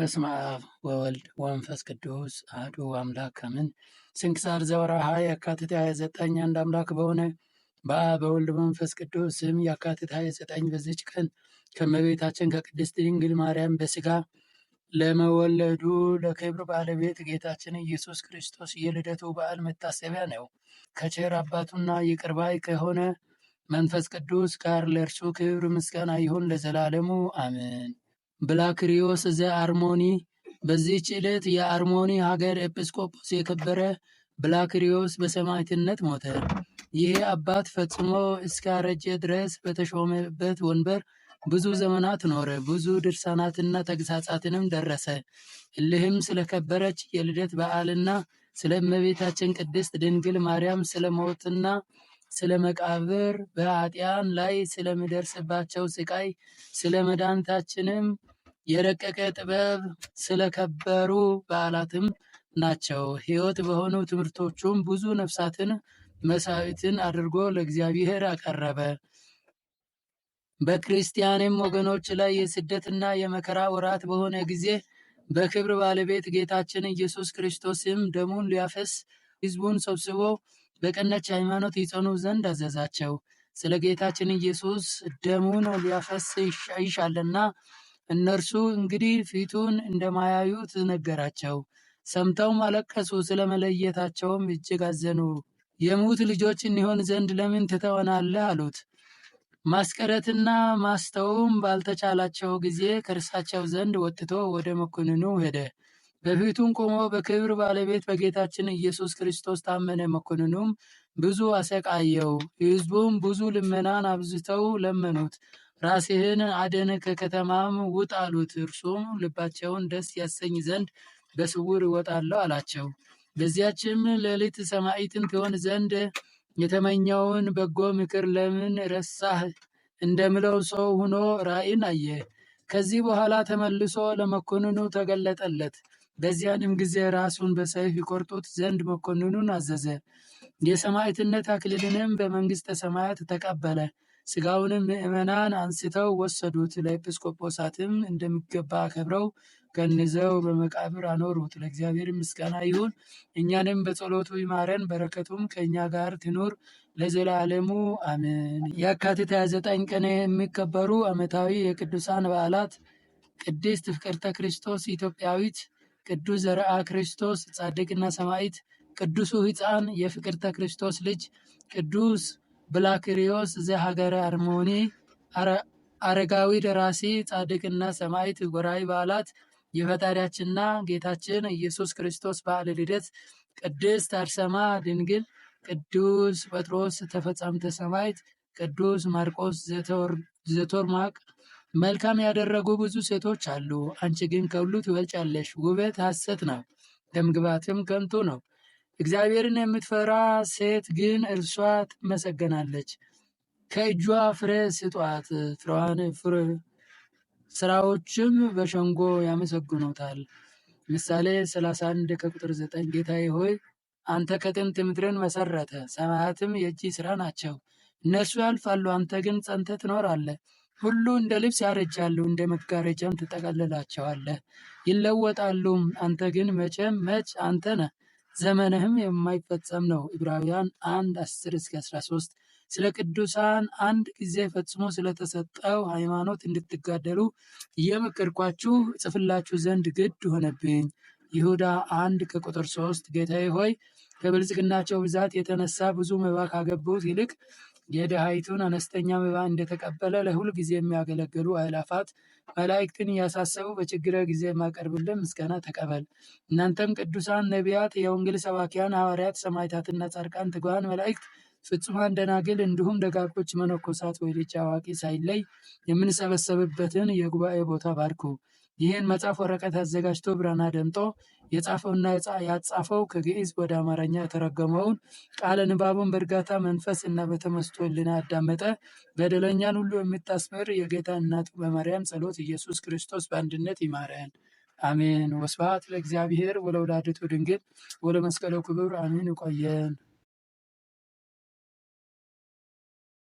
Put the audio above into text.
በስመ አብ ወወልድ ወመንፈስ ቅዱስ አሐዱ አምላክ አሜን። ስንክሳር ዘወርኀ የካቲት 29 አንድ አምላክ በሆነ በአብ በወልድ በመንፈስ ቅዱስ ስም የካቲት 29 በዚች ቀን ከእመቤታችን ከቅድስት ድንግል ማርያም በስጋ ለመወለዱ ለክብር ባለቤት ጌታችን ኢየሱስ ክርስቶስ የልደቱ በዓል መታሰቢያ ነው። ከቸር አባቱና ይቅር ባይ ከሆነ መንፈስ ቅዱስ ጋር ለእርሱ ክብር ምስጋና ይሁን ለዘላለሙ አሜን። ብላክሪዮስ አርሞኒ። በዚህች ዕለት የአርሞኒ ሀገር ኤጲስቆጶስ የከበረ ብላክሪዮስ በሰማዕትነት ሞተ። ይሄ አባት ፈጽሞ እስካረጀ ድረስ በተሾመበት ወንበር ብዙ ዘመናት ኖረ። ብዙ ድርሳናትና ተግሳጻትንም ደረሰ። እልህም ስለከበረች የልደት በዓልና ስለ እመቤታችን ቅድስት ድንግል ማርያም ስለ ሞትና ስለ መቃብር በአጢያን ላይ ስለሚደርስባቸው ስቃይ ስለ መድኃኒታችንም የረቀቀ ጥበብ ስለከበሩ በዓላትም ናቸው። ሕይወት በሆኑ ትምህርቶቹም ብዙ ነፍሳትን መሥዋዕትን አድርጎ ለእግዚአብሔር አቀረበ። በክርስቲያንም ወገኖች ላይ የስደትና የመከራ ወራት በሆነ ጊዜ በክብር ባለቤት ጌታችን ኢየሱስ ክርስቶስም ደሙን ሊያፈስ ሕዝቡን ሰብስቦ በቀናች ሃይማኖት ይጸኑ ዘንድ አዘዛቸው። ስለ ጌታችን ኢየሱስ ደሙን ሊያፈስ ይሻልና እነርሱ እንግዲህ ፊቱን እንደማያዩት ነገራቸው። ሰምተውም አለቀሱ፣ ስለመለየታቸውም እጅግ አዘኑ። የሙት ልጆች እንሆን ዘንድ ለምን ትተወናለህ አሉት። ማስቀረትና ማስተውም ባልተቻላቸው ጊዜ ከእርሳቸው ዘንድ ወጥቶ ወደ መኮንኑ ሄደ። በፊቱም ቆሞ በክብር ባለቤት በጌታችን ኢየሱስ ክርስቶስ ታመነ። መኮንኑም ብዙ አሰቃየው። ሕዝቡም ብዙ ልመናን አብዝተው ለመኑት። ራስህን አደን ከከተማም ውጥ አሉት። እርሱም ልባቸውን ደስ ያሰኝ ዘንድ በስውር እወጣለሁ አላቸው። በዚያችም ሌሊት ሰማዕትን ትሆን ዘንድ የተመኘውን በጎ ምክር ለምን ረሳህ እንደምለው ሰው ሆኖ ራእይን አየ። ከዚህ በኋላ ተመልሶ ለመኮንኑ ተገለጠለት። በዚያንም ጊዜ ራሱን በሰይፍ ይቆርጡት ዘንድ መኮንኑን አዘዘ። የሰማዕትነት አክሊልንም በመንግሥተ ሰማያት ተቀበለ። ስጋውንም ምእመናን አንስተው ወሰዱት። ለኤጲስቆጶሳትም እንደሚገባ አከብረው ገንዘው በመቃብር አኖሩት። ለእግዚአብሔር ምስጋና ይሁን፣ እኛንም በጸሎቱ ይማረን፣ በረከቱም ከእኛ ጋር ትኑር ለዘላለሙ አሜን። የካቲት 29 ቀን የሚከበሩ ዓመታዊ የቅዱሳን በዓላት ቅድስት ፍቅርተ ክርስቶስ ኢትዮጵያዊት፣ ቅዱስ ዘርአ ክርስቶስ ጻድቅና ሰማዕት፣ ቅዱሱ ሕፃን የፍቅርተ ክርስቶስ ልጅ፣ ቅዱስ ብላክሪዮስ ዘሀገረ አርሞኒ አረጋዊ ደራሲ ጻድቅና ሰማዕት ወርኃዊ በዓላት የፈጣሪያችንና ጌታችን ኢየሱስ ክርስቶስ በዓለ ልደት፣ ቅድስት አርሴማ ድንግል፣ ቅዱስ ጴጥሮስ ተፈጻምተ ሰማዕት፣ ቅዱስ ማርቆስ ዘቶርማቅ። መልካም ያደረጉ ብዙ ሴቶች አሉ፣ አንቺ ግን ከሁሉ ትበልጫለሽ። ውበት ሐሰት ነው፣ ደምግባትም ከንቱ ነው። እግዚአብሔርን የምትፈራ ሴት ግን እርሷ ትመሰገናለች። ከእጇ ፍሬ ስጧት፣ ፍሬዋን ፍሬ ስራዎችም በሸንጎ ያመሰግኖታል። ምሳሌ 31 ከቁጥር 9 ጌታዬ ሆይ አንተ ከጥንት ምድርን መሰረተ፣ ሰማያትም የእጅ ስራ ናቸው። እነርሱ ያልፋሉ፣ አንተ ግን ጸንተ ትኖራለህ። ሁሉ እንደ ልብስ ያረጃሉ፣ እንደ መጋረጃም ትጠቀልላቸዋለህ። ይለወጣሉም አንተ ግን መቼም መች አንተ ነህ። ዘመንህም የማይፈጸም ነው። ዕብራውያን 1 10 እስከ 13 ስለ ቅዱሳን አንድ ጊዜ ፈጽሞ ስለተሰጠው ሃይማኖት እንድትጋደሉ እየመከርኳችሁ ጽፍላችሁ ዘንድ ግድ ሆነብኝ። ይሁዳ አንድ ከቁጥር ሶስት ጌታዬ ሆይ ከብልጽግናቸው ብዛት የተነሳ ብዙ መባ ካገቡት ይልቅ የድሃይቱን አነስተኛ መባ እንደተቀበለ ለሁል ጊዜ የሚያገለግሉ አእላፋት መላእክትን እያሳሰቡ በችግረ ጊዜ የማቀርብልን ምስጋና ተቀበል። እናንተም ቅዱሳን ነቢያት፣ የወንጌል ሰባኪያን ሐዋርያት፣ ሰማዕታትና ጻድቃን፣ ትጉሃን መላእክት፣ ፍጹማን ደናግል እንዲሁም ደጋጎች መነኮሳት ወይ ልጅ አዋቂ ሳይለይ የምንሰበሰብበትን የጉባኤ ቦታ ባርኩ። ይህን መጽሐፍ ወረቀት አዘጋጅቶ ብራና ደምጦ የጻፈውና ያጻፈው ከግዕዝ ወደ አማርኛ የተረገመውን ቃለ ንባቡን በእርጋታ መንፈስ እና በተመስጦ አዳመጠ። በደለኛን ሁሉ የምታስምር የጌታ እናቱ በማርያም ጸሎት ኢየሱስ ክርስቶስ በአንድነት ይማረን፣ አሜን። ወስብሐት ለእግዚአብሔር ወለወላዲቱ ድንግል ወለመስቀሉ ክቡር፣ አሜን። ይቆየን።